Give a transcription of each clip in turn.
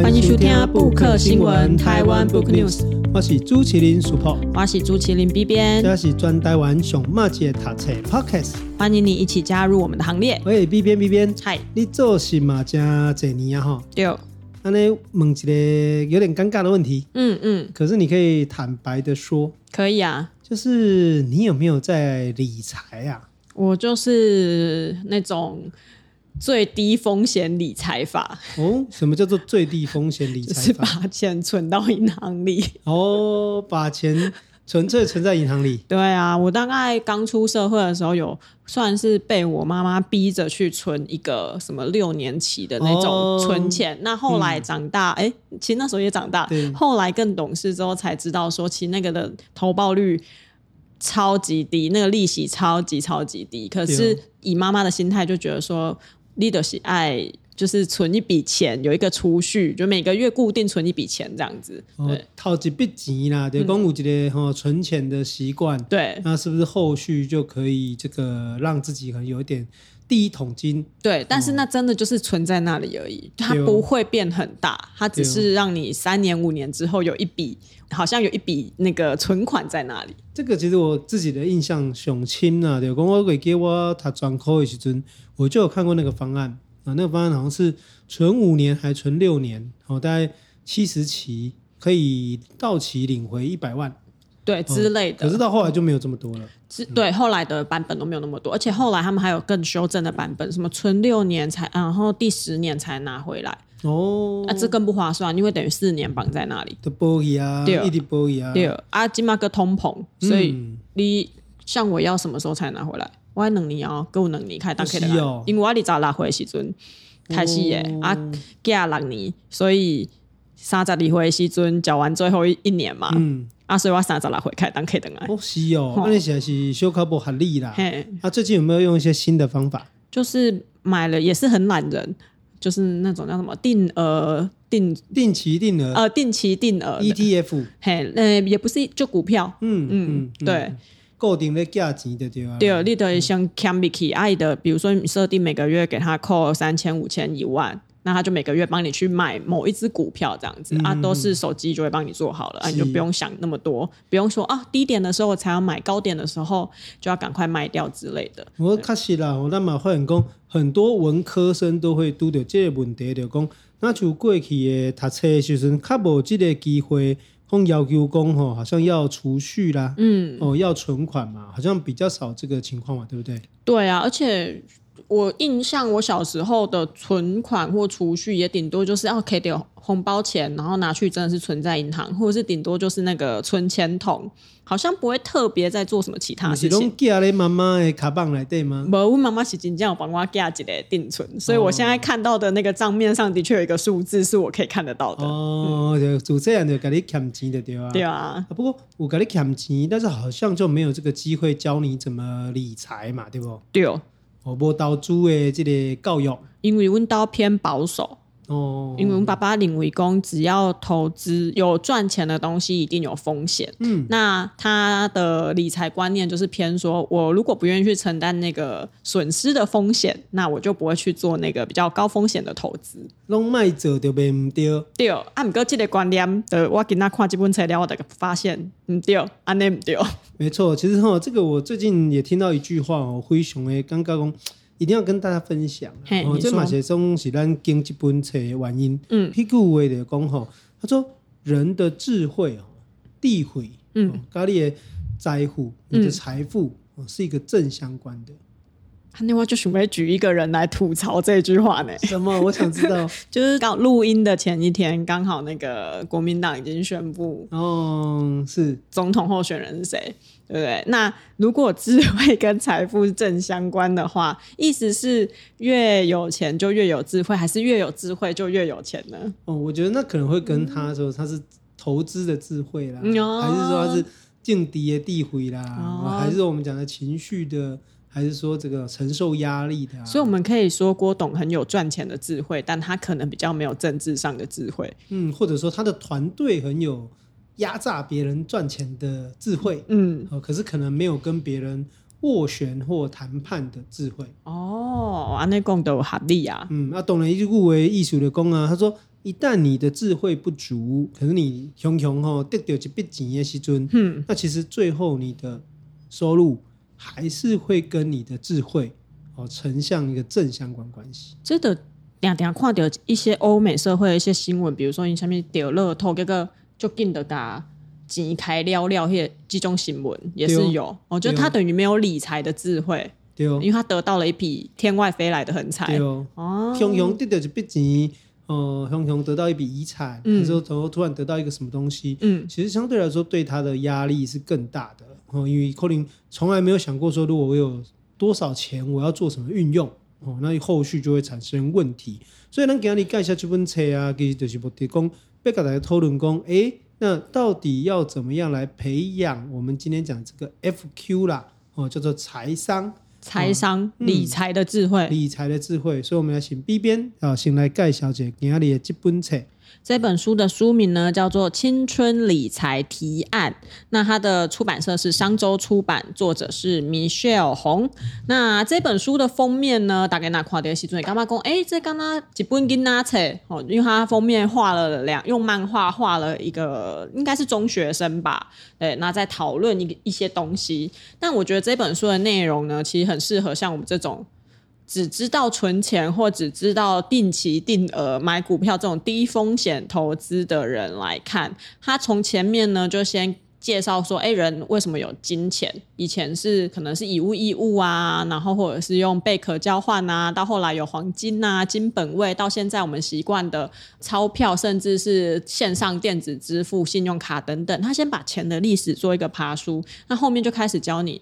歡迎收聽 b o o 新聞台灣 Book News，灣 book news 我是朱奇林 Super，我是朱奇林 B 編，這是全台灣馬上馬街讀車 p o c a s t 歡迎你一起加入我們的行列。喂 B 編 B 編，嗨，你做是馬街這年啊哈？有、哦，那來問一個有點尷尬的問題，嗯嗯，可是你可以坦白的說，可以啊，就是你有沒有在理財啊？我就是那種。最低風險理財法哦，什麼叫做最低風險理財法？ 就是把錢存到銀行裡 哦，把錢純粹存在銀行裡。 對啊，我大概剛出社會的時候，有算是被我媽媽逼着去存一個什麼六年期的那種存錢。哦、那後來長大，哎、嗯，其實那時候也長大，後來更懂事之後才知道說，其實那個的投報率超級低，那個利息超級超級低。可是以媽媽的心態就覺得說。你的是愛，就是存一筆錢，有一個儲蓄，就每個月固定存一筆錢這樣子。對哦，投一筆錢啦，對、嗯，光有一個哈存錢的習慣。對、嗯，那是不是後續就可以這個讓自己可能有一點？第一桶金對，但是那真的就是存在那裡而已，哦、它不會變很大，它只是讓你三年五年之後有一筆、哦，好像有一筆那個存款在那裡。這個其實我自己的印象，熊親啊，對，公我給給我他專科的時候，我就有看過那個方案啊，那個方案好像是存五年還存六年，好、哦，大概七十期可以到期領回一百萬。對之類的、哦，可是到後來就沒有這麼多了、嗯。對，後來的版本都沒有那麼多，而且後來他們還有更修正的版本，什麼存六年才、啊，然後第十年才拿回來。哦，啊、這更不划算，因為等於四年綁在那裡。對、嗯、啊，對啊、嗯，啊，通膨，所以你、嗯、像我要什麼時候才拿回來？我能力要夠能力開大 K 的，因為我二十六歲的時陣開始耶、欸哦，啊，加六年，所以三十二歲的時陣繳完最後一年嘛。嗯啊，所以我要三十來回開當 K 等啊。不、哦、是哦，那你現在是修科目很厲啦。嘿，那、啊、最近有沒有用一些新的方法？就是買了也是很懶人，就是那種叫什麼定額定定期定額呃，定期定額 ETF。嘿，呃，也不是就股票。嗯嗯，嗯，嗯對，固定的價錢就對對就、嗯、啊。對，你得像 Cambyke 愛的，比如說你設定每個月給他扣三千、五千、一萬。那他就每個月幫你去買某一支股票，這樣子、嗯、啊，都是手機就會幫你做好了，啊、你就不用想那麼多，不用說啊，低點的時候我才要買，高點的時候就要趕快賣掉之類的。我確實啦，我那麼會講，很多文科生都會拄到這個問題的，講那就過去的讀冊學生，卡無這個機會，空要求講吼、喔，好像要儲蓄啦，嗯，哦、喔、要存款嘛，好像比較少這個情況嘛，對不對？對啊，而且。我印象，我小時候的存款或儲蓄也頂多就是要給點紅包錢，然後拿去真的是存在銀行，或者是頂多就是那個存錢桶，好像不會特別在做什麼其他事情。媽媽的卡棒來對嗎？不，媽媽是真直接幫我加一個定存，所以我現在看到的那個賬面上的確有一個數字是我可以看得到的。哦，就這樣就給你撿錢的對吧？對啊，啊不過我給你撿錢，但是好像就沒有這個機會教你怎麼理財嘛，對不對？對哦。我無投資誒，即個教育，因為阮兜偏保守。哦，因為我爸爸認為講，只要投資有賺錢的東西，一定有風險。嗯，那他的理財觀念就是偏說，我如果不願意去承擔那個損失的風險，那我就不會去做那個比較高風險的投資。攏買者就不丟，丟啊！唔夠這個觀念，我今仔看幾本材料，我發現唔丟啊，按呢，唔丟。沒錯，其實哈，這個我最近也聽到一句話，我非常的感覺講。一定要跟大家分享，啊，這嘛、哦、是總是咱經濟本冊的原因。嗯，屁股位的講吼，他說人的智慧地慧，嗯，家、哦、裡的財富，富，嗯，的財富是一個正相關的。那我就是會舉一個人來吐槽這句話呢？什麼？我想知道， 就是到錄音的前一天，剛好那個國民黨已經宣布，嗯，是總統候選人是誰？對不對？那如果智慧跟財富正相關的話，意思是越有錢就越有智慧，還是越有智慧就越有錢呢？哦，我覺得那可能會跟他說他是投資的智慧啦，哦、還是說他是境地的智慧啦、哦，還是我們講的情緒的，還是說這個承受壓力的、啊？所以我們可以說郭董很有賺錢的智慧，但他可能比較沒有政治上的智慧。嗯，或者說他的團隊很有。壓榨別人賺錢的智慧，嗯、哦，可是可能沒有跟別人斡旋或談判的智慧。哦，啊，那講到合理啊，嗯，啊，懂了一句古文，易俗的講啊，他說，一旦你的智慧不足，可是你熊熊吼得到一筆錢的時候，嗯，那其實最後你的收入還是會跟你的智慧哦呈現一個正相關關係。真的，常常看到一些歐美社會的一些新聞，比如說你下面掉樂透這個。就變得打幾台料料些這種新聞也是有，我覺得他等於沒有理財的智慧。對哦，因為他得到了一筆天外飛來的橫財，對哦，雄雄得到一筆呃雄雄得到一筆遺產，嗯，然後突然得到一個什麼東西，嗯，其實相對來說對他的壓力是更大的。哦、嗯，因為可能從來沒有想過說，如果我有多少錢我要做什麼運用，哦，那後續就會產生問題，所以能給你介紹這本冊啊，其實就是不提供。被搞來的拖工。哎、欸，那到底要怎麼樣來培養我們今天講這個 FQ 啦？哦，叫做財商，財商、哦嗯、理財的智慧，理財的智慧，所以我們要請 B 編啊，先來蓋小姐給你里的基本冊。這本書的書名呢，叫做《青春理財提案》，那它的出版社是商周出版，作者是 Michelle 洪。那這本書的封面呢，大概那誇張的時陣，你幹嘛講？哎，這剛剛幾本跟哪冊？哦，因為它封面畫了兩，用漫畫畫了一個，應該是中學生吧？哎，那在討論一個一些東西。但我覺得這本書的內容呢，其實很適合像我們這種。只知道存錢或只知道定期定額買股票這種低風險投資的人來看，他從前面呢就先介紹說：哎、欸，人為什麼有金錢？以前是可能是以物易物啊，然後或者是用貝殼交換啊，到後來有黃金啊、金本位，到現在我們習慣的鈔票，甚至是線上電子支付、信用卡等等。他先把錢的歷史做一個爬梳，那後面就開始教你。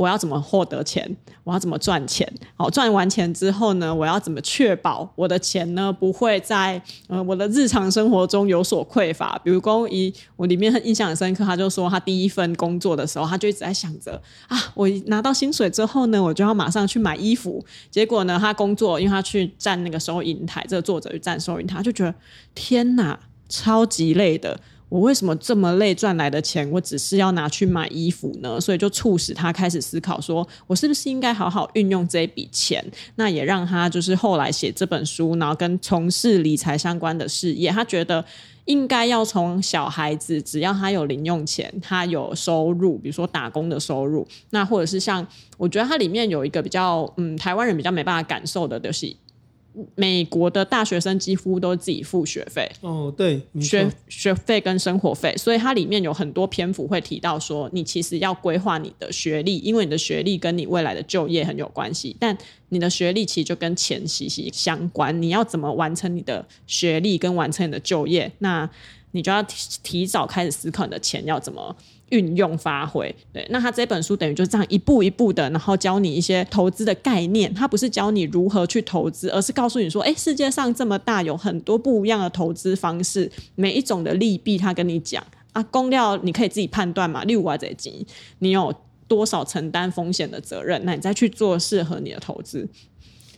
我要怎麼獲得錢？我要怎麼賺錢？好，賺完錢之後呢，我要怎麼確保我的錢呢不會在、呃、我的日常生活中有所匱乏？比如說，公一我裡面印象很深刻，他就說他第一份工作的時候，他就一直在想着啊，我拿到薪水之後呢，我就要馬上去買衣服。結果呢，他工作，因為他去站那個收銀台，這個作者去站收銀台，他就覺得天哪，超級累的。我為什麼這麼累？賺來的錢，我只是要拿去買衣服呢？所以就促使他開始思考說，說我是不是應該好好運用這筆錢？那也讓他就是後來寫這本書，然後跟從事理財相關的事業。他覺得應該要從小孩子，只要他有零用錢，他有收入，比如說打工的收入，那或者是像我覺得他裡面有一個比較，嗯，台灣人比較沒辦法感受的東西。美國的大學生幾乎都自己付學費哦，對，學學費跟生活費，所以它裡面有很多篇幅會提到說，你其實要規劃你的學歷，因為你的學歷跟你未來的就業很有關係。但你的學歷其實就跟錢息息相關，你要怎麼完成你的學歷，跟完成你的就業，那你就要提提早開始思考你的錢要怎麼。運用發揮，對，那他這本書等於就是這樣一步一步的，然後教你一些投資的概念。他不是教你如何去投資，而是告訴你說，哎、欸，世界上這麼大，有很多不一樣的投資方式，每一種的利弊，他跟你講啊。公料你可以自己判斷嘛，六五在金你有多少承擔風險的責任？那你再去做適合你的投資。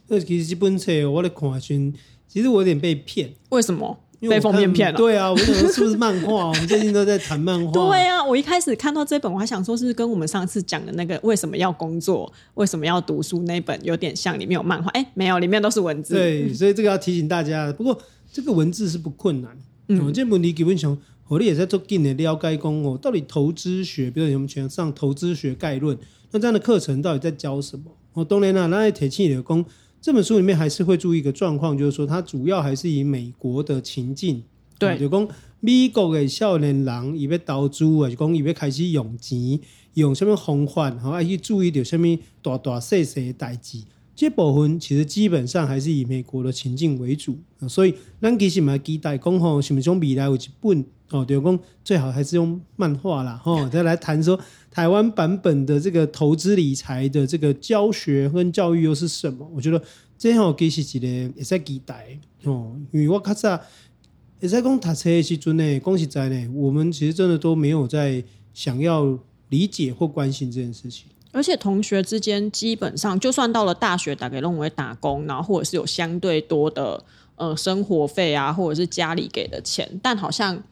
那其實這本書我來看，其實我有點被騙。為什麼？被封面騙了？對啊，我們是不是漫畫？我們最近都在談漫畫。對啊，我一開始看到這本，我還想說是跟我們上次講的那個為什麼要工作、為什麼要讀書那本有點像，裡面有漫畫。哎，沒有，裡面都是文字。對，所以這個要提醒大家。不過這個文字是不困難。嗯，我們這本你基本上，我也在做今年了解工，我到底投資學，比如我們全上投資學概論，那這樣的課程到底在教什麼？我當年啦，那提起的工。這本書裡面還是會注意一個狀況，就是說它主要還是以美國的情境，對，呃、就講美國的少年人。伊要投資啊，就講伊要開始用錢，用蝦米方法，哈、呃，愛去注意到蝦米大大細細嘅代誌，這部分其實基本上還是以美國的情境為主，呃、所以咱其實嘛期待講吼，什、呃、是不是講未來有一本。哦，就是說，最好還是用漫畫啦，吼、哦，再來談說台灣版本的這個投資理財的這個教學跟教育又是什麼？我覺得這我、哦、其實一個也在期待，哦，因為我看在也在講開車的時陣呢，講實在呢，我們其實真的都沒有在想要理解或關心這件事情。而且同學之間基本上，就算到了大學，打給認為打工，然後或者是有相對多的呃生活費啊，或者是家裡給的錢，但好像。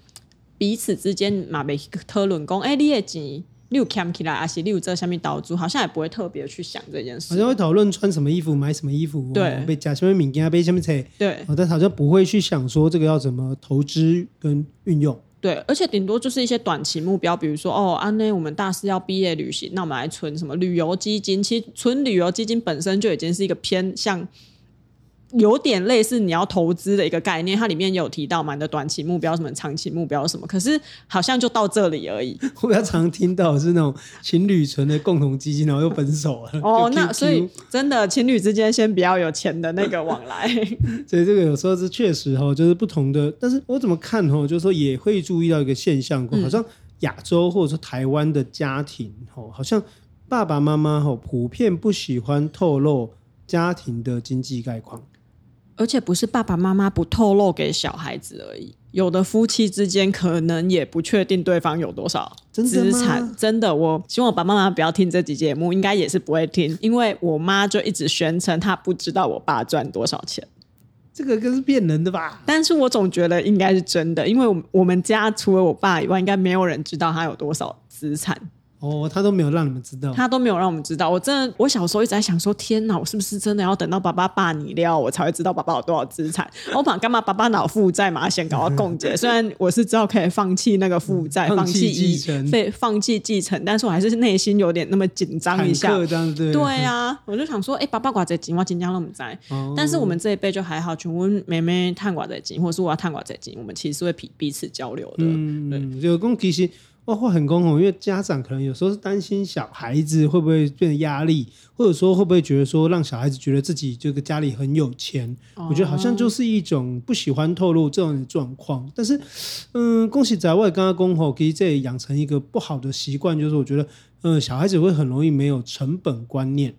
彼此之間嘛，沒討論過，哎、欸，你的錢你有省起來，還是你有這個啥米投資？好像也不會特別去想這件事。好像會討論穿什麼衣服，買什麼衣服。對，買什麼餅乾，買什麼菜。對，哦、但好像不會去想說這個要怎麼投資跟運用。對，而且頂多就是一些短期目標，比如說哦，安、啊、內我們大四要畢業旅行，那我們來存什麼旅遊基金？其實存旅遊基金本身就已經是一個偏向。有點類似你要投資的一個概念，它裡面有提到嘛，你的短期目標什麼、長期目標什麼，可是好像就到這裡而已。我比較常聽到是那種情侶存的共同基金，然後又分手了。哦，Q, 那所以 真的情侶之間先不要有錢的那個往來。 所以這個有時候是確實哈，就是不同的。但是我怎麼看哈，就是說也會注意到一個現象、嗯，好像亞洲或者說台灣的家庭哈，好像爸爸媽媽哈普遍不喜歡透露家庭的經濟概況。而且不是爸爸媽媽不透露給小孩子而已，有的夫妻之間可能也不確定對方有多少資產。真的嗎？真的，我希望我爸爸媽媽不要聽這期節目，應該也是不會聽，因為我媽就一直宣稱她不知道我爸賺多少錢。這個更是騙人的吧？但是我總覺得應該是真的，因為我們家除了我爸以外，應該沒有人知道他有多少資產。哦，他都沒有讓你們知道。他都沒有讓我們知道。我真的，我小時候一直在想說，天哪，我是不是真的要等到爸爸爸你了，我才會知道爸爸有多少資產？ 我怕幹嘛，爸爸腦負債嘛，先搞到共結。雖然我是知道可以放棄那個負債、嗯，放棄繼承，對、嗯，放棄繼承，承，但是我還是內心有點那麼緊張一下。對，對啊、嗯，我就想說，哎、欸，爸爸管在緊，我緊張那麼在。但是我們這一輩就還好，全部妹妹探管在緊，或者是我要探管在緊，我們其實是會彼彼此交流的。嗯，對，就說其實。或或很公開，因為家長可能有時候是擔心小孩子會不會變壓力，或者說會不會覺得說，讓小孩子覺得自己這個家裡很有錢，哦，我覺得好像就是一種不喜歡透露這種狀況。但是，嗯，恭喜在外跟他公開，其實這也養成一個不好的習慣，就是我覺得，嗯，小孩子會很容易沒有成本觀念。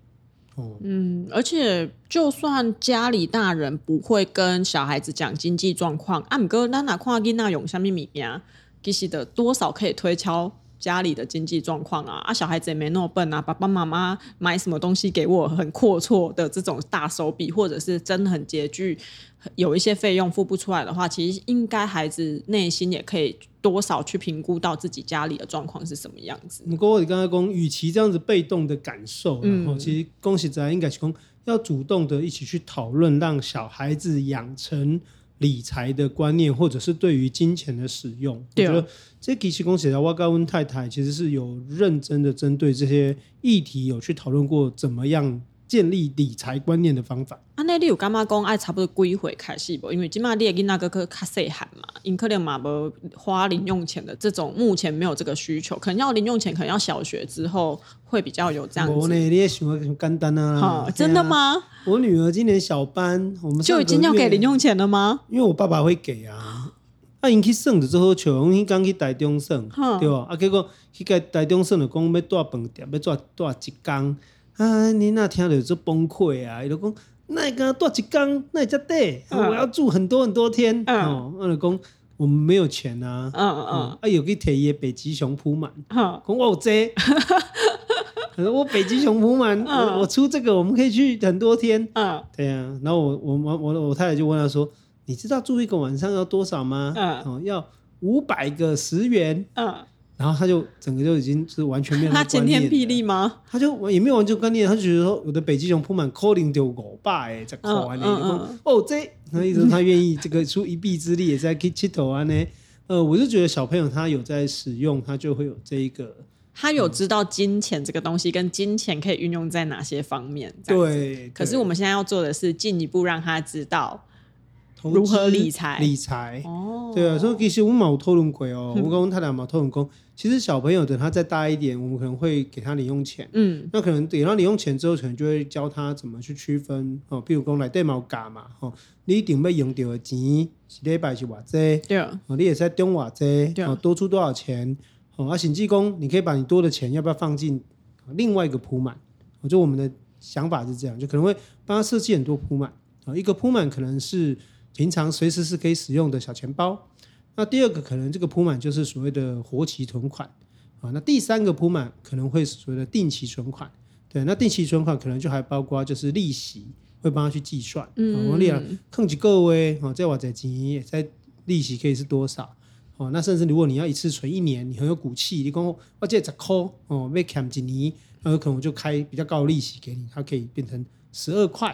嗯，嗯，而且就算家裡大人不會跟小孩子講經濟狀況，啊，你哥那那誇給那永蝦米呀？其實的多少可以推敲家裡的經濟狀況啊，啊，小孩子也沒那麼笨啊，爸爸媽媽買什麼東西給我很闊綽的這種大手筆，或者是真的很拮據，有一些費用付不出來的話，其實應該孩子內心也可以多少去評估到自己家裡的狀況是什麼樣子。你剛才說，與其這樣子被動的感受，然後其實恭喜仔應該說要主動的一起去討論，讓小孩子養成。理財的觀念，或者是對於金錢的使用，對啊。我覺得這給契公寫的沃嘎溫太太，其實是有認真的針對這些議題，有去討論過怎麼樣。建立理財觀念的方法。啊，那你有幹嗎講？哎，差不多幾歲開始不？因為起碼你跟那個個較細漢嘛，因可能嘛無花零用錢的這種，目前沒有這個需求，可能要零用錢，可能要小學之後會比較有這樣子。想，想、哦、真的嗎？我女兒今年小班，我們就已經要給零用錢了嗎？因為我爸爸會給啊。啊，因去省的之後窮，因剛去台中省，對不？啊，結果去個台中省了，講要住飯店，要住住一工。哎、啊，你那聽着就崩潰啊！她就講，那敢多幾天，那才得，我要住很多很多天。啊、嗯哦，我老公，我們沒有錢啊。哦嗯哦、啊，啊啊有個鐵一北極熊撲滿。哦說我這個、 啊，講我這，哈哈哈哈我北極熊撲滿，我、哦啊、我出這個，我們可以去很多天。啊、哦，對啊。然後我我我我我太太就問他說：“你知道住一個晚上要多少嗎？”啊、哦哦，要五百個十元。啊、哦。然後他就整個就已經是完全沒有了。他晴天霹靂嗎？他就也沒有完全觀念，他就覺得說，我的北極熊鋪滿 calling 丟我爸哎，在 c a l l i 哦，這那、嗯、意思他願意這個出一臂之力也在 kitty 頭啊呢。呃，我就覺得小朋友他有在使用，他就會有這一個，嗯、他有知道金錢這個東西跟金錢可以運用在哪些方面。對，對。可是我們現在要做的是進一步讓他知道如何理財，理財哦。對啊，所以其實我冇討論過哦，嗯、我跟我太太冇討論其實小朋友等他再大一點，我們可能會給他零用錢。嗯，那可能給到零用錢之後，可能就會教他怎麼去區分哦。譬如講來電貓卡嘛，哦，你一定要用掉的錢是來白是瓦紙，對啊，哦，你也在中華紙，對啊，哦，多出多少錢？哦，啊甚至講你可以把你多的錢要不要放進另外一個撲滿，哦，就我們的想法是這樣，就可能會幫他設計很多撲滿啊，哦。一個撲滿可能是平常隨時是可以使用的小錢包。那第二個可能這個鋪滿就是所謂的活期存款，啊，那第三個鋪滿可能會是所謂的定期存款，對，那定期存款可能就還包括就是利息會幫他去計算，嗯，我你講控幾個位，啊，在我這經在利息可以是多少，哦，那甚至如果你要一次存一年，你很有骨氣，你講我借十塊，哦 m a 一 e c a 可能我就開比較高利息給你，它可以變成十二塊。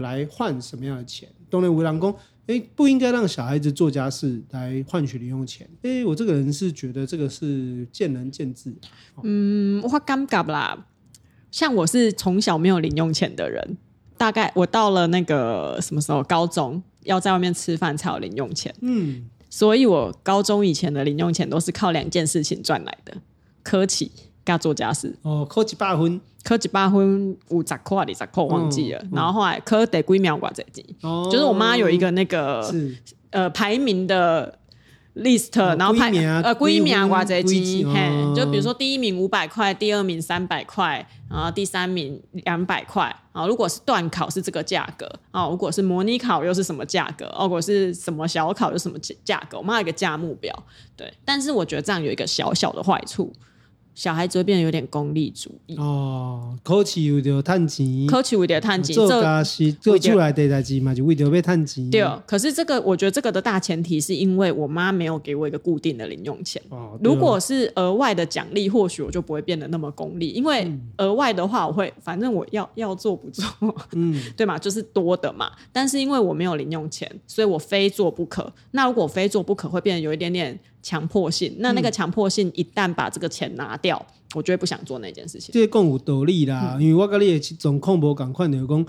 來換什麼樣的錢？當然有人說，哎，不應該讓小孩子做家事來換取零用錢。哎，我這個人是覺得這個是見仁見智。嗯，我感覺啦，像我是從小沒有零用錢的人，大概我到了那個什麼時候，高中要在外面吃飯才有零用錢。嗯，所以我高中以前的零用錢都是靠兩件事情賺來的：考試、跟做家事。哦，考一百分。科一百分五塊二十塊我忘記了、嗯嗯，然後後來考得桂苗瓜子雞，就是我媽有一個那個呃排名的 list，、哦、名然後排呃桂苗瓜子雞，就比如說第一名五百塊，第二名三百塊，然後第三名兩百塊，如果是段考是這個價格，啊，如果是模擬考又是什麼價格，如果是什麼小考又是什麼價價格，我媽有一個價目表，對，但是我覺得這樣有一個小小的壞處。小孩子會變得有點功利主義哦，考試為了賺錢，考試為了賺錢，做家事做出來的代志嘛，就為了要賺錢。對，可是這個，我覺得這個的大前提是因為我媽沒有給我一個固定的零用錢。哦，如果是額外的獎勵，或許我就不會變得那麼功利，因為額外的話，我會反正我要要做不做，嗯， 對嘛，就是多的嘛。但是因為我沒有零用錢，所以我非做不可。那如果非做不可，會變得有一點點。強迫性，那那個強迫性一旦把這個錢拿掉，嗯、我就會不想做那件事情。這些講有道理啦、嗯，因為我跟你也總看無，趕快你講，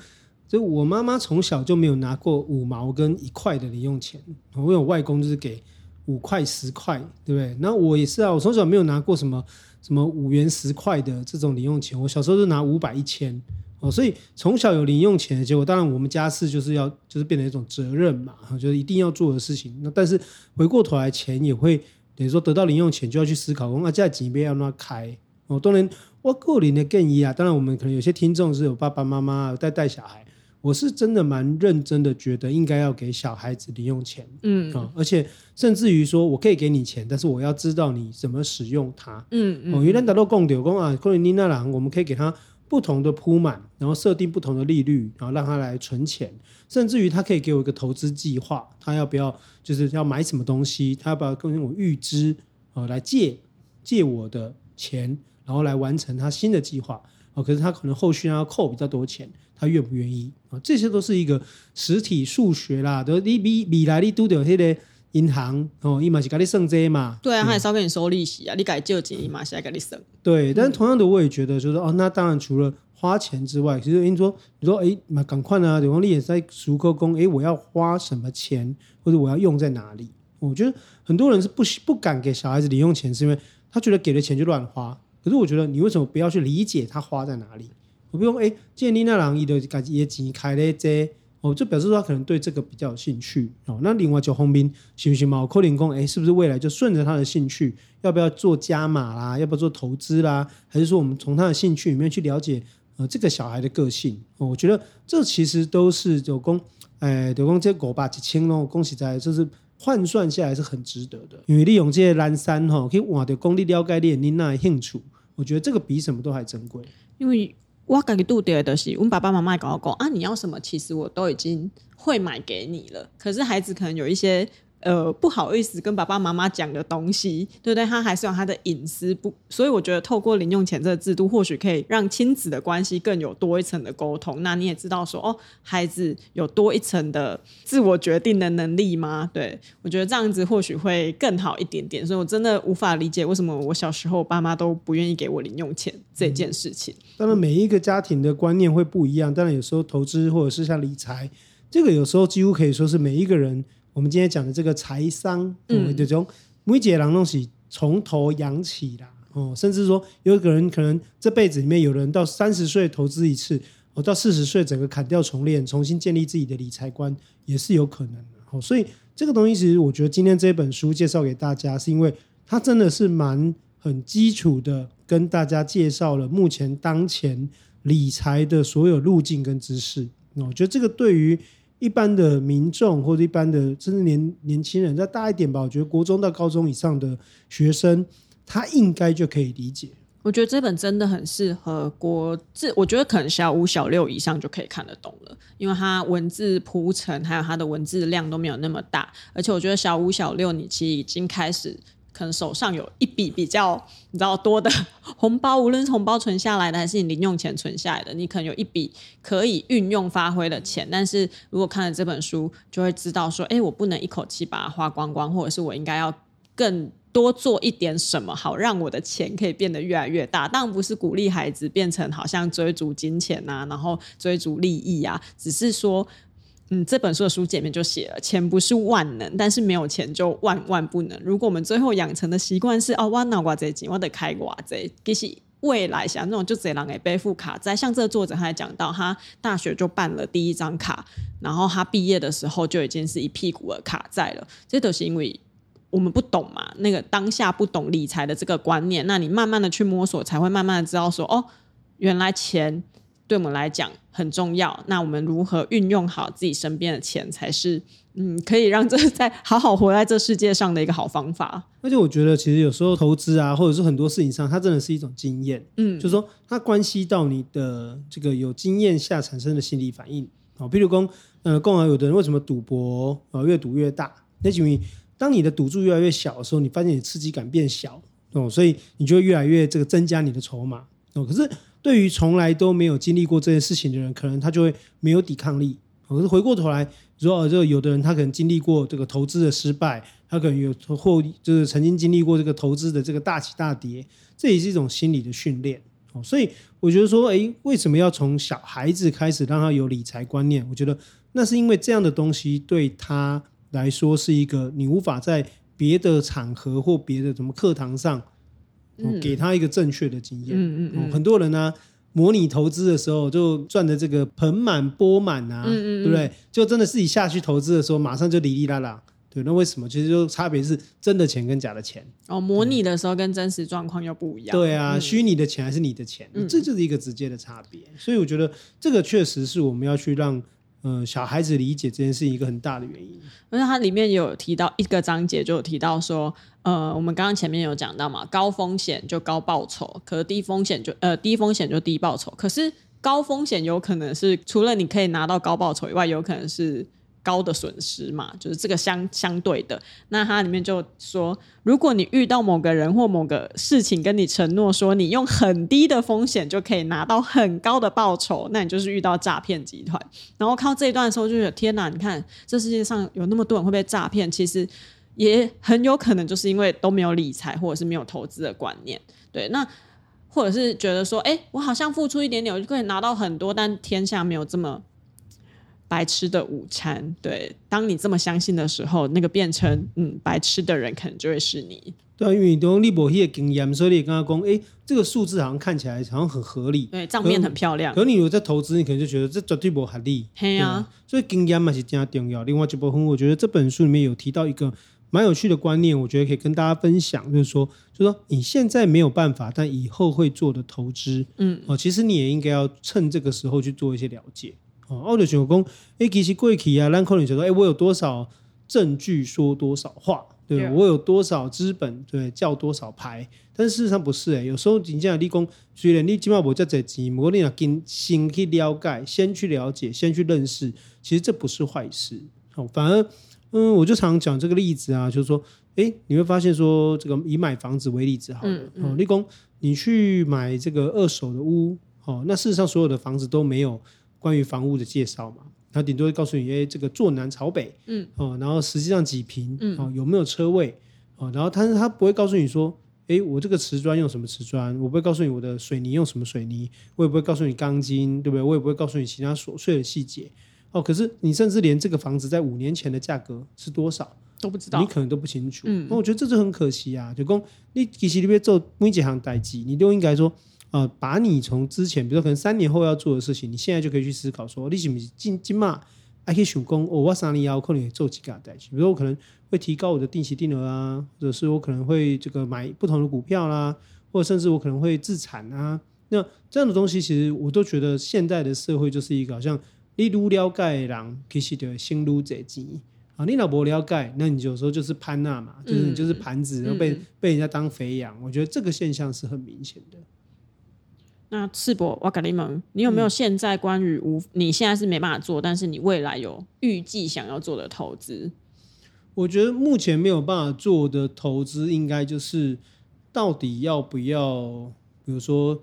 就我媽媽從小就沒有拿過五毛跟一塊的零用錢，我有外公就是給五塊十塊，對不對？那我也是啊，我從小沒有拿過什麼什麼五元十塊的這種零用錢，我小時候是拿五百一千。哦，所以從小有零用錢的結果，當然我們家是就是要就是變成一種責任嘛，就是一定要做的事情。那但是回過頭來，錢也會等於說得到零用錢就要去思考，我、啊、這錢要怎麼開。哦，當然我個人的建議啊，當然我們可能有些聽眾是有爸爸媽媽在帶小孩，我是真的蠻認真的，覺得應該要給小孩子零用錢。嗯，啊、哦，而且甚至於說我可以給你錢，但是我要知道你怎麼使用它。嗯嗯，有、哦啊、人達到共點，你我們可以給他。不同的撲滿，然後設定不同的利率，然後讓他來存錢，甚至於他可以給我一個投資計劃，他要不要？就是要買什麼東西，他要不要跟我預支啊、哦？來借借我的錢，然後來完成他新的計劃啊、哦？可是他可能後續要扣比較多錢，他願不願意啊、哦？這些都是一個實體數學啦，都、就是、你比來比都的銀行哦，伊嘛是給你算這個嘛，對啊，對他還也是要給你收利息啊，你該借錢伊嘛、嗯、是來給你算。對，但是同樣的，我也覺得就是說哦，那當然除了花錢之外，其實你說，你說誒，那趕快呢，對方、啊、你也在熟客工，誒、欸，我要花什麼錢，或者我要用在哪裡？我覺得很多人是不不敢給小孩子零用錢，是因為他覺得給的錢就亂花。可是我覺得你為什麼不要去理解他花在哪裡？我不用誒，建立那囊伊就自伊的錢開的這個。哦，就表示說他可能對這個比較有興趣哦。那另外就方便行不行嘛？我扣電工，誒，是不是未來就順着他的興趣，要不要做加碼啦？要不要做投資啦？還是說我們從他的興趣裡面去了解呃這個小孩的個性？哦，我覺得這其實都是九公，誒，九公這過八幾千咯，恭喜在，就是換算下來是很值得的。因為利用這些藍山哈，可以我的功力了解你囡的興趣，我覺得這個比什麼都還珍貴。因為。我給你做點的東西，我們爸爸媽媽也跟我講啊，你要什麼？其實我都已經會買給你了。可是孩子，可能有一些。呃，不好意思跟爸爸媽媽講的東西，對不對？他還是有他的隱私，不，所以我覺得透過零用錢這個制度，或許可以讓親子的關係更有多一層的溝通。那你也知道說，哦，孩子有多一層的自我決定的能力嗎？對，我覺得這樣子或許會更好一點點。所以我真的無法理解為什麼我小時候爸媽都不願意給我零用錢這件事情。嗯，當然，每一個家庭的觀念會不一樣。當然，有時候投資或者是像理財，這個有時候幾乎可以說是每一個人。我們今天講的這個財商，就種沒解囊東西，從、嗯、頭養起啦。哦，甚至說有個人可能這輩子裡面，有人到三十歲投資一次，哦，到四十歲整個砍掉重練，重新建立自己的理財觀，也是有可能的、哦。所以這個東西其實，我覺得今天這本書介紹給大家，是因為它真的是蠻很基礎的，跟大家介紹了目前當前理財的所有路徑跟知識、哦。我覺得這個對於。一般的民眾或者一般的，甚至年年輕人，再大一點吧，我覺得國中到高中以上的學生，他應該就可以理解。我覺得這本真的很適合國字，我覺得可能小五小六以上就可以看得懂了，因為它文字鋪陳還有它的文字量都沒有那麼大，而且我覺得小五小六你其實已經開始。可能手上有一筆比較你知道多的紅包，無論是紅包存下來的，還是你零用錢存下來的，你可能有一筆可以運用發揮的錢。但是如果看了這本書，就會知道說，哎、欸，我不能一口氣把它花光光，或者是我應該要更多做一點什麼好，好讓我的錢可以變得越來越大。當然不是鼓勵孩子變成好像追逐金錢啊，然後追逐利益啊，只是說。嗯，這本書的書前面就寫了，錢不是萬能，但是沒有錢就萬萬不能。如果我們最後養成的習慣是啊，挖腦瓜債、我挖的開瓜這其實未來想那種就賊狼給背負卡債。像這個作者他也講到，他大學就辦了第一張卡，然後他畢業的時候就已經是一屁股的卡債了。這都是因為我們不懂嘛，那個當下不懂理財的這個觀念，那你慢慢的去摸索，才會慢慢的知道說，哦，原來錢。對我們來講很重要。那我們如何運用好自己身邊的錢，才是嗯，可以讓這在好好活在這世界上的一個好方法。而且我覺得，其實有時候投資啊，或者是很多事情上，它真的是一種經驗。嗯，就是、說它關係到你的這個有經驗下產生的心理反應。好、哦，譬如說，呃，過往有的人為什麼賭博啊、哦哦、越賭越大？那、就是因為當你的賭注越來越小的時候，你發現你的刺激感變小哦，所以你就越來越這個增加你的籌碼哦。可是對於從來都沒有經歷過這些事情的人，可能他就會沒有抵抗力。可是回過頭來，如果就有的人他可能經歷過這個投資的失敗，他可能有或就是曾經經歷過這個投資的這個大起大跌，這也是一種心理的訓練。所以我覺得說，誒，為什麼要從小孩子開始讓他有理財觀念？我覺得那是因為這樣的東西對他來說是一個你無法在別的場合或別的什麼課堂上。嗯、給他一個正確的經驗。嗯嗯，嗯，嗯，很多人呢、啊，模擬投資的時候就賺的這個盆滿缽滿啊，嗯嗯、對不對？就真的是自己下去投資的時候，馬上就哩哩啦啦。對，那為什麼？其實就差別是真的錢跟假的錢。哦，模擬的時候跟真實狀況又不一樣。對啊、嗯，虛擬的錢還是你的錢，這就是一個直接的差別。嗯、所以我覺得這個確實是我們要去讓。呃、嗯，小孩子理解這件事情一個很大的原因，而且它裡面也有提到一個章節，就有提到說，呃，我們剛剛前面有講到嘛，高風險就高報酬，可是低風險就呃，低風險就低報酬，可是高風險有可能是除了你可以拿到高報酬以外，有可能是。高的損失嘛，就是這個相相對的。那它裡面就說，如果你遇到某個人或某個事情跟你承諾說，你用很低的風險就可以拿到很高的報酬，那你就是遇到詐騙集團。然後靠這一段的時候就是天哪！你看這世界上有那麼多人會被詐騙，其實也很有可能就是因為都沒有理財或者是沒有投資的觀念。對，那或者是覺得說，哎，我好像付出一點點，我就可以拿到很多，但天下沒有這麼。白吃的午餐，對，當你這麼相信的時候，那個變成嗯白痴的人，可能就會是你。對啊，因為你沒有經驗，所以你跟他說哎、欸，這個數字好像看起來好像很合理，對，賬面很漂亮。可是你如果在投資，你可能就覺得這絕對不合理。嘿啊，啊，所以經驗嘛是第一重要。另外這部分，這本書我覺得這本書裡面有提到一個蠻有趣的觀念，我覺得可以跟大家分享，就是說，就是說你現在沒有辦法，但以後會做的投資，嗯哦、呃，其實你也應該要趁這個時候去做一些了解。哦，就是說，其實過去啊，我們可能就說，哎，我有多少證據說多少話。對、yeah. 我有多少資本？對，叫多少牌？但事實上不是哎、欸，有時候人家立講，雖然你現在沒這麼多錢，不過你啊，先去了解，先去了解，先去認識，其實這不是壞事。哦，反而，嗯，我就常常講這個例子啊，就是說，哎，你會發現說，這個以買房子為例子好了，嗯嗯、哦，立功，你去買這個二手的屋，哦，那事實上所有的房子都沒有。關於房屋的介紹嘛，他頂多會告訴你，哎、欸，這個坐南朝北，嗯，哦，然後實際上幾坪，嗯、哦，有沒有車位，哦，然後他是他不會告訴你說，哎、欸，我這個瓷磚用什麼瓷磚，我不會告訴你我的水泥用什麼水泥，我也不會告訴你鋼筋，對不對？我也不會告訴你其他瑣碎的細節。哦，可是你甚至連這個房子在五年前的價格是多少都不知道、嗯，你可能都不清楚。嗯，那我覺得這就很可惜啊。就說，你其實裡別做每幾行代記，你都應該說。呃，把你從之前，比如說可能三年後要做的事情，你現在就可以去思考說，你是不是今，今晚要去想說，我三年後我可能會做幾個事？比如說我可能會提高我的定期定額啊，或者是我可能會這個買不同的股票啦、啊，或者甚至我可能會自產啊。那這樣的東西，其實我都覺得現在的社會就是一個好像你不了解的人，其實得先了解自己啊。你如果不了解，那你就有時候就是潘娜嘛，就是你就是盤子、嗯、然後被、嗯、被人家當肥羊。我覺得這個現象是很明顯的。那士博，我跟你問，你有沒有現在關於無、嗯？你現在是沒辦法做，但是你未來有預計想要做的投資？我覺得目前沒有辦法做的投資，應該就是到底要不要，比如說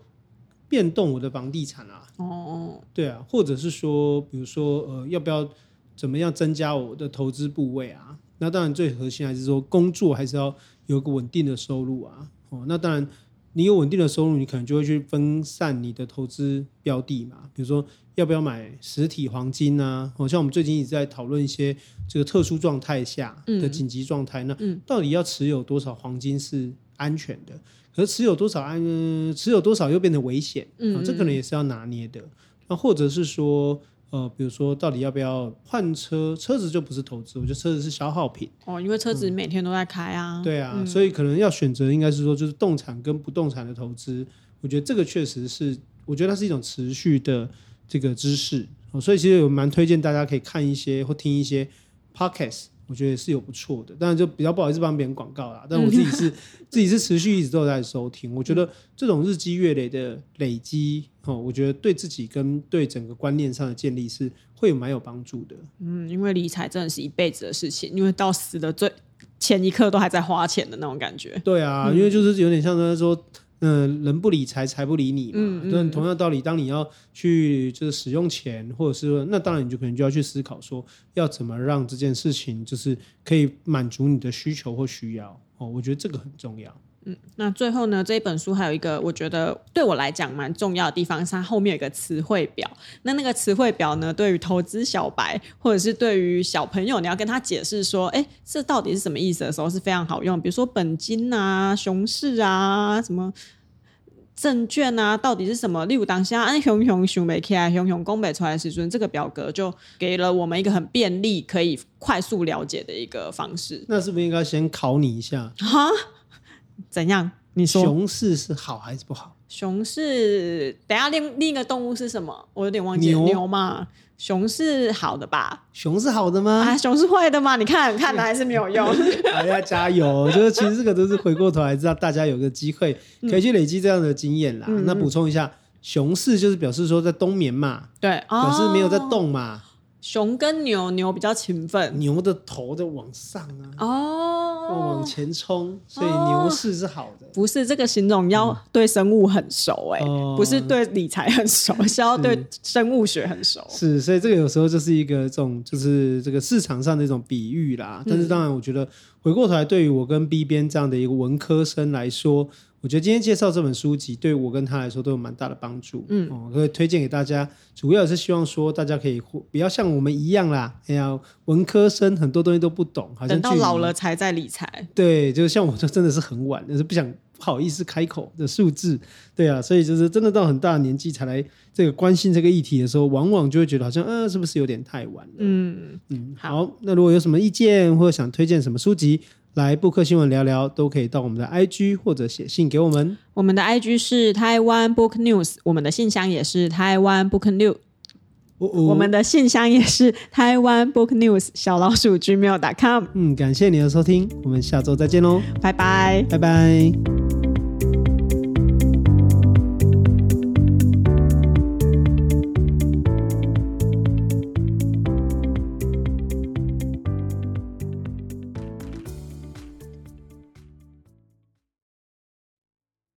變動我的房地產啊？哦，對啊，或者是說，比如說呃，要不要怎麼樣增加我的投資部位啊？那當然最核心還是說，工作還是要有個穩定的收入啊。哦，那當然。你有穩定的收入，你可能就會去分散你的投資標的嘛。比如說，要不要買實體黃金啊？好、哦、像我們最近一直在討論一些這個特殊狀態下的緊急狀態、嗯，那到底要持有多少黃金是安全的？嗯、可是持有多少安、呃？持有多少又變得危險？嗯、哦，這可能也是要拿捏的。那或者是說。呃，比如說，到底要不要換車？車子就不是投資，我覺得車子是消耗品哦，因為車子每天都在開啊。嗯、對啊、嗯，所以可能要選擇應該是說，就是動產跟不動產的投資，我覺得這個確實是，我覺得它是一種持續的這個知識、呃，所以其實我蠻推薦大家可以看一些或聽一些 podcasts 我覺得是有不錯的，但就比較不好意思幫別人廣告啦。但我自己是、嗯、自己是持續一直都在收聽。我覺得這種日積月累的累積、嗯，哦，我覺得對自己跟對整個觀念上的建立是會有蠻有幫助的。嗯，因為理財真的是一輩子的事情，因為到死的最前一刻都還在花錢的那種感覺。對啊，因為就是有點像他說。嗯嗯，人不理財，財不理你嘛。但、嗯、同樣道理，當你要去就是使用錢，或者是說那當然你就可能就要去思考說，要怎麼讓這件事情就是可以滿足你的需求或需要哦。我覺得這個很重要。嗯，那最後呢，這一本書還有一個我覺得對我來講蠻重要的地方，是它後面有一個詞彙表。那那個詞彙表呢，對於投資小白或者是對於小朋友，你要跟他解釋說，哎、欸，這到底是什麼意思的時候是非常好用。比如說本金啊、熊市啊、什麼證券啊，到底是什麼？例如當下，哎，熊熊想不起來，熊熊講不出來的時候，所以這個表格就給了我們一個很便利、可以快速了解的一個方式。那是不是應該先考你一下？哈。怎樣？你說熊市是好還是不好？熊市，等下另另一個動物是什麼？我有點忘記了牛牛嘛，熊是好的吧？熊是好的嗎？啊，熊是壞的嗎？你看 看了還是沒有用 哎。大家加油！ 就是其實這個都是回過頭來知道，大家有個機會、嗯、可以去累積這樣的經驗啦。嗯、那補充一下，熊市就是表示說在冬眠嘛，對，表示沒有在動嘛。哦熊跟牛，牛比較勤奮，牛的頭就往上啊，哦，往前衝，所以牛市是好的。哦、不是這個形容要對生物很熟哎、欸嗯哦，不是對理財很熟，是要對生物學很熟。是，所以這個有時候就是一個這種，就是這個市場上的一種比喻啦。嗯、但是當然，我覺得回過頭來，對於我跟 B 編這樣的一個文科生來說。我覺得今天介紹這本書籍，對我跟他來說都有蠻大的幫助。嗯，我、哦、所以推薦給大家，主要是希望說大家可以不要像我們一樣啦，哎呀，文科生很多東西都不懂，好像等到老了才在理財。對，就像我這真的是很晚，但、就是不想不好意思開口的數字。對啊，所以就是真的到很大的年紀才來這個關心這個議題的時候，往往就會覺得好像，嗯、呃，是不是有點太晚了？嗯嗯好。好，那如果有什麼意見或者想推薦什麼書籍？來布克新聞聊聊，都可以到我們的 IG 或者寫信給我們。我們的 IG 是台灣 Book News，我們的信箱也是台灣 Book News、哦哦。我們的信箱也是台灣 Book News 小老鼠 gmail.com。嗯，感謝您的收聽，我們下周再見嘍，拜拜，拜拜。